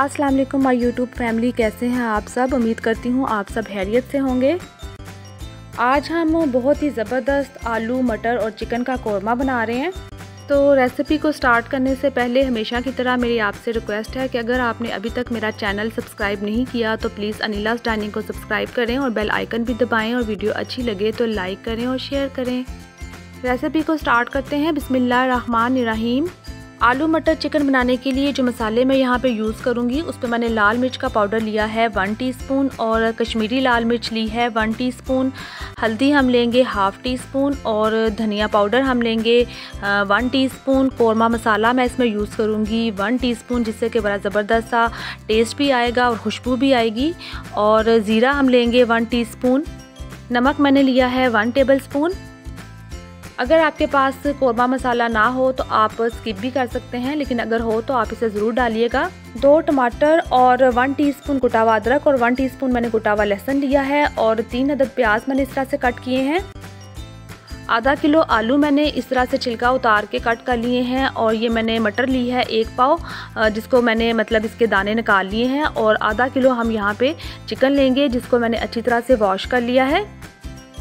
अस्सलाम वालेकुम my YouTube family कैसे हैं आप सब उम्मीद करती हूँ आप सब हैरियत से होंगे आज हम बहुत ही ज़बरदस्त आलू मटर और चिकन का कौरमा बना रहे हैं तो रेसिपी को स्टार्ट करने से पहले हमेशा की तरह मेरी आपसे रिक्वेस्ट है कि अगर आपने अभी तक मेरा चैनल सब्सक्राइब नहीं किया तो प्लीज़ अनिलास डाइनिंग को सब्सक्राइब करें और बेल आइकन भी दबाएं और वीडियो अच्छी लगे तो लाइक करें और शेयर करें रेसिपी को स्टार्ट करते हैं रहमान रहीम आलू मटर चिकन बनाने के लिए जो मसाले मैं यहाँ पे यूज़ करूँगी उस पर मैंने लाल मिर्च का पाउडर लिया है वन टीस्पून और कश्मीरी लाल मिर्च ली है वन टीस्पून हल्दी हम लेंगे हाफ़ टी स्पून और धनिया पाउडर हम लेंगे वन टीस्पून कौरमा मसाला मैं इसमें यूज़ करूँगी वन टीस्पून जिससे कि बड़ा ज़बरदस्त सा टेस्ट भी आएगा और खुशबू भी आएगी और ज़ीरा हम लेंगे वन टी स्पून नमक मैंने लिया है वन टेबल स्पून अगर आपके पास कौरमा मसाला ना हो तो आप स्किप भी कर सकते हैं लेकिन अगर हो तो आप इसे ज़रूर डालिएगा दो टमाटर और वन टीस्पून स्पून कुटावा अदरक और वन टीस्पून मैंने कुटावा लहसुन लिया है और तीन अदद प्याज मैंने इस तरह से कट किए हैं आधा किलो आलू मैंने इस तरह से छिलका उतार के कट कर लिए हैं और ये मैंने मटर ली है एक पाव जिसको मैंने मतलब इसके दाने निकाल लिए हैं और आधा किलो हम यहाँ पे चिकन लेंगे जिसको मैंने अच्छी तरह से वॉश कर लिया है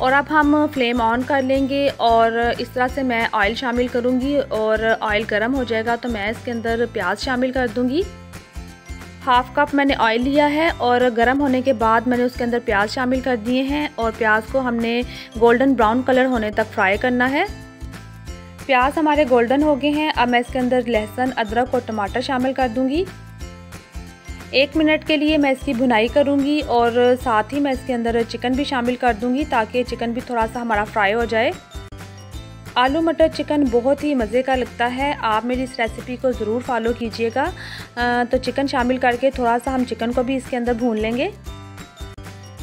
और अब हम फ्लेम ऑन कर लेंगे और इस तरह से मैं ऑयल शामिल करूँगी और ऑयल गर्म हो जाएगा तो मैं इसके अंदर प्याज शामिल कर दूँगी हाफ़ कप मैंने ऑयल लिया है और गर्म होने के बाद मैंने उसके अंदर प्याज शामिल कर दिए हैं और प्याज को हमने गोल्डन ब्राउन कलर होने तक फ्राई करना है प्याज हमारे गोल्डन हो गए हैं अब मैं इसके अंदर लहसुन अदरक और टमाटर शामिल कर दूँगी एक मिनट के लिए मैं इसकी भुनाई करूँगी और साथ ही मैं इसके अंदर चिकन भी शामिल कर दूँगी ताकि चिकन भी थोड़ा सा हमारा फ्राई हो जाए आलू मटर चिकन बहुत ही मज़े का लगता है आप मेरी इस रेसिपी को ज़रूर फॉलो कीजिएगा तो चिकन शामिल करके थोड़ा सा हम चिकन को भी इसके अंदर भून लेंगे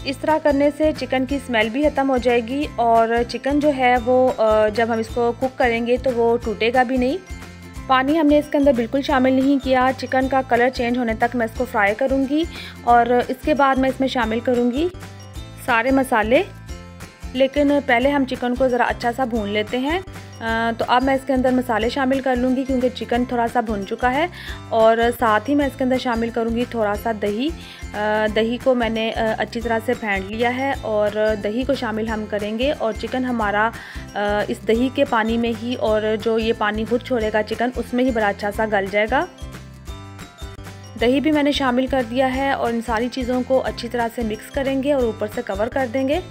इस तरह करने से चिकन की स्मेल भी ख़त्म हो जाएगी और चिकन जो है वो जब हम इसको कुक करेंगे तो वो टूटेगा भी नहीं पानी हमने इसके अंदर बिल्कुल शामिल नहीं किया चिकन का कलर चेंज होने तक मैं इसको फ्राई करूँगी और इसके बाद मैं इसमें शामिल करूँगी सारे मसाले लेकिन पहले हम चिकन को ज़रा अच्छा सा भून लेते हैं तो अब मैं इसके अंदर मसाले शामिल कर लूँगी क्योंकि चिकन थोड़ा सा भुन चुका है और साथ ही मैं इसके अंदर शामिल करूँगी थोड़ा सा दही दही को मैंने अच्छी तरह से फेंट लिया है और दही को शामिल हम करेंगे और चिकन हमारा इस दही के पानी में ही और जो ये पानी खुद छोड़ेगा चिकन उसमें ही बड़ा अच्छा सा गल जाएगा दही भी मैंने शामिल कर दिया है और इन सारी चीज़ों को अच्छी तरह से मिक्स करेंगे और ऊपर से कवर कर देंगे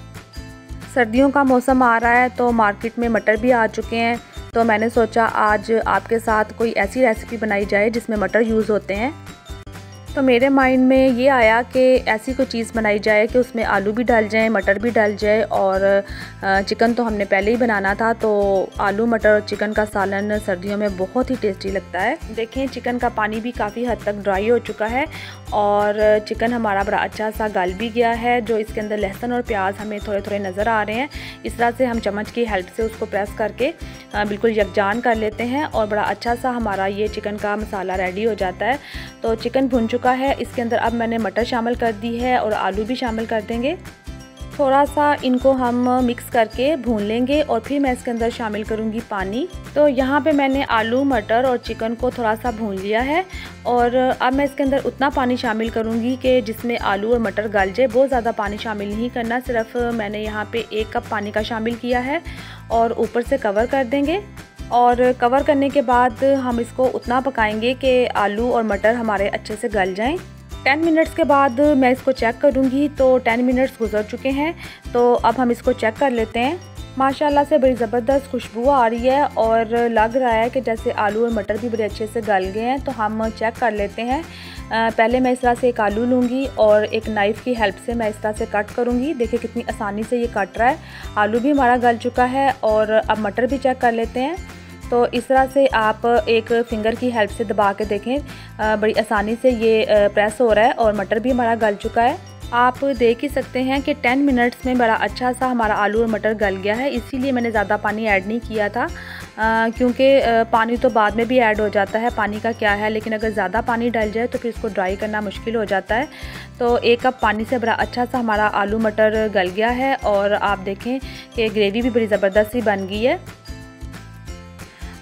सर्दियों का मौसम आ रहा है तो मार्केट में मटर भी आ चुके हैं तो मैंने सोचा आज आपके साथ कोई ऐसी रेसिपी बनाई जाए जिसमें मटर यूज़ होते हैं तो मेरे माइंड में ये आया कि ऐसी कोई चीज़ बनाई जाए कि उसमें आलू भी डाल जाए मटर भी डाल जाए और चिकन तो हमने पहले ही बनाना था तो आलू मटर और चिकन का सालन सर्दियों में बहुत ही टेस्टी लगता है देखें चिकन का पानी भी काफ़ी हद तक ड्राई हो चुका है और चिकन हमारा बड़ा अच्छा सा गल भी गया है जो इसके अंदर लहसुन और प्याज हमें थोड़े थोड़े नज़र आ रहे हैं इस तरह से हम चम्मच की हेल्प से उसको प्रेस करके बिल्कुल यकजान कर लेते हैं और बड़ा अच्छा सा हमारा ये चिकन का मसाला रेडी हो जाता है तो चिकन भुन चुका चुका है इसके अंदर अब मैंने मटर शामिल कर दी है और आलू भी शामिल कर देंगे थोड़ा सा इनको हम मिक्स करके भून लेंगे और फिर मैं इसके अंदर शामिल करूँगी पानी तो यहाँ पे मैंने आलू मटर और चिकन को थोड़ा सा भून लिया है और अब मैं इसके अंदर उतना पानी शामिल करूँगी कि जिसमें आलू और मटर गल जाए बहुत ज़्यादा पानी शामिल नहीं करना सिर्फ मैंने यहाँ पे एक कप पानी का शामिल किया है और ऊपर से कवर कर देंगे और कवर करने के बाद हम इसको उतना पकाएंगे कि आलू और मटर हमारे अच्छे से गल जाएं। 10 मिनट्स के बाद मैं इसको चेक करूंगी तो 10 मिनट्स गुजर चुके हैं तो अब हम इसको चेक कर लेते हैं माशाल्लाह से बड़ी ज़बरदस्त खुशबू आ रही है और लग रहा है कि जैसे आलू और मटर भी बड़े अच्छे से गल गए हैं तो हम चेक कर लेते हैं पहले मैं इस तरह से एक आलू लूँगी और एक नाइफ़ की हेल्प से मैं इस तरह से कट करूँगी देखिए कितनी आसानी से ये कट रहा है आलू भी हमारा गल चुका है और अब मटर भी चेक कर लेते हैं तो इस तरह से आप एक फिंगर की हेल्प से दबा के देखें बड़ी आसानी से ये प्रेस हो रहा है और मटर भी हमारा गल चुका है आप देख ही सकते हैं कि 10 मिनट्स में बड़ा अच्छा सा हमारा आलू और मटर गल गया है इसीलिए मैंने ज़्यादा पानी ऐड नहीं किया था क्योंकि पानी तो बाद में भी ऐड हो जाता है पानी का क्या है लेकिन अगर ज़्यादा पानी डल जाए तो फिर इसको ड्राई करना मुश्किल हो जाता है तो एक कप पानी से बड़ा अच्छा सा हमारा आलू मटर गल गया है और आप देखें कि ग्रेवी भी बड़ी ज़बरदस्त ही बन गई है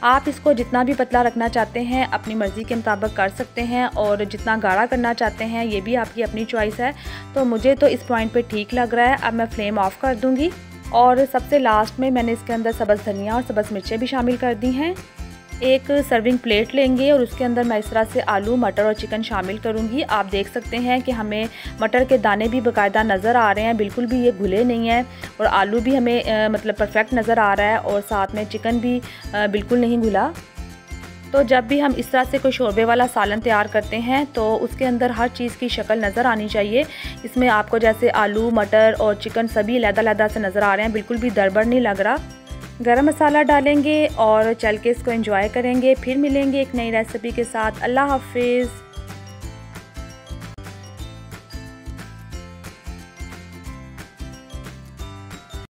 आप इसको जितना भी पतला रखना चाहते हैं अपनी मर्ज़ी के मुताबिक कर सकते हैं और जितना गाढ़ा करना चाहते हैं ये भी आपकी अपनी चॉइस है तो मुझे तो इस पॉइंट पे ठीक लग रहा है अब मैं फ्लेम ऑफ़ कर दूँगी और सबसे लास्ट में मैंने इसके अंदर सब्ज़ धनिया और सब्ज़ मिर्चें भी शामिल कर दी हैं एक सर्विंग प्लेट लेंगे और उसके अंदर मैं इस तरह से आलू मटर और चिकन शामिल करूँगी आप देख सकते हैं कि हमें मटर के दाने भी बाकायदा नज़र आ रहे हैं बिल्कुल भी ये घुले नहीं हैं और आलू भी हमें मतलब परफेक्ट नज़र आ रहा है और साथ में चिकन भी बिल्कुल नहीं घुला तो जब भी हम इस तरह से कोई शोरबे वाला सालन तैयार करते हैं तो उसके अंदर हर चीज़ की शक्ल नज़र आनी चाहिए इसमें आपको जैसे आलू मटर और चिकन सभी लहदा लहदा से नज़र आ रहे हैं बिल्कुल भी दरबड़ नहीं लग रहा गरम मसाला डालेंगे और चल के इसको एंजॉय करेंगे फिर मिलेंगे एक नई रेसिपी के साथ अल्लाह हाफिज़